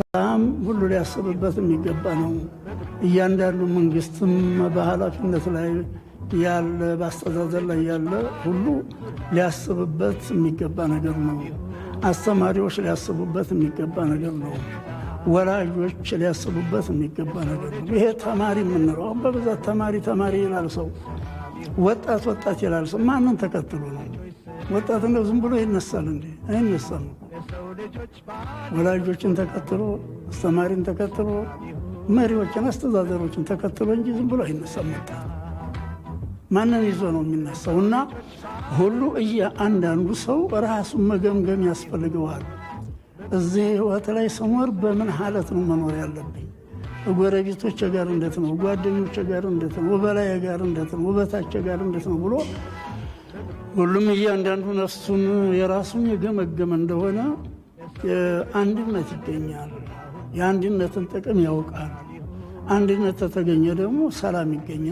ሰላም ሁሉ ሊያስብበት የሚገባ ነው። እያንዳንዱ መንግስትም በኃላፊነት ላይ ያለ በአስተዳደር ላይ ያለ ሁሉ ሊያስብበት የሚገባ ነገር ነው። አስተማሪዎች ሊያስቡበት የሚገባ ነገር ነው። ወላጆች ሊያስቡበት የሚገባ ነገር ነው። ይሄ ተማሪ የምንለው በብዛት ተማሪ ተማሪ ይላል ሰው፣ ወጣት ወጣት ይላል ሰው። ማንን ተከትሎ ነው? ወጣት እንደው ዝም ብሎ ይነሳል እንዴ? አይነሳም። ወላጆችን ተከትሎ አስተማሪን ተከትሎ መሪዎችን አስተዳደሮችን ተከትሎ እንጂ ዝም ብሎ አይነሳም። ወጣት ማንን ይዞ ነው የሚነሳው? እና ሁሉ እያንዳንዱ ሰው ራሱን መገምገም ያስፈልገዋል። እዚህ ህይወት ላይ ስኖር በምን ሀለት ነው መኖር ያለብኝ? ጎረቤቶች ጋር እንዴት ነው? ጓደኞች ጋር እንዴት ነው? በላይ ጋር እንዴት ነው? ውበታቸው ጋር እንዴት ነው ብሎ ሁሉም እያንዳንዱ ነፍሱን የራሱን የገመገመ እንደሆነ አንድነት ይገኛል። የአንድነትን ጥቅም ያውቃል። አንድነት ተተገኘ ደግሞ ሰላም ይገኛል።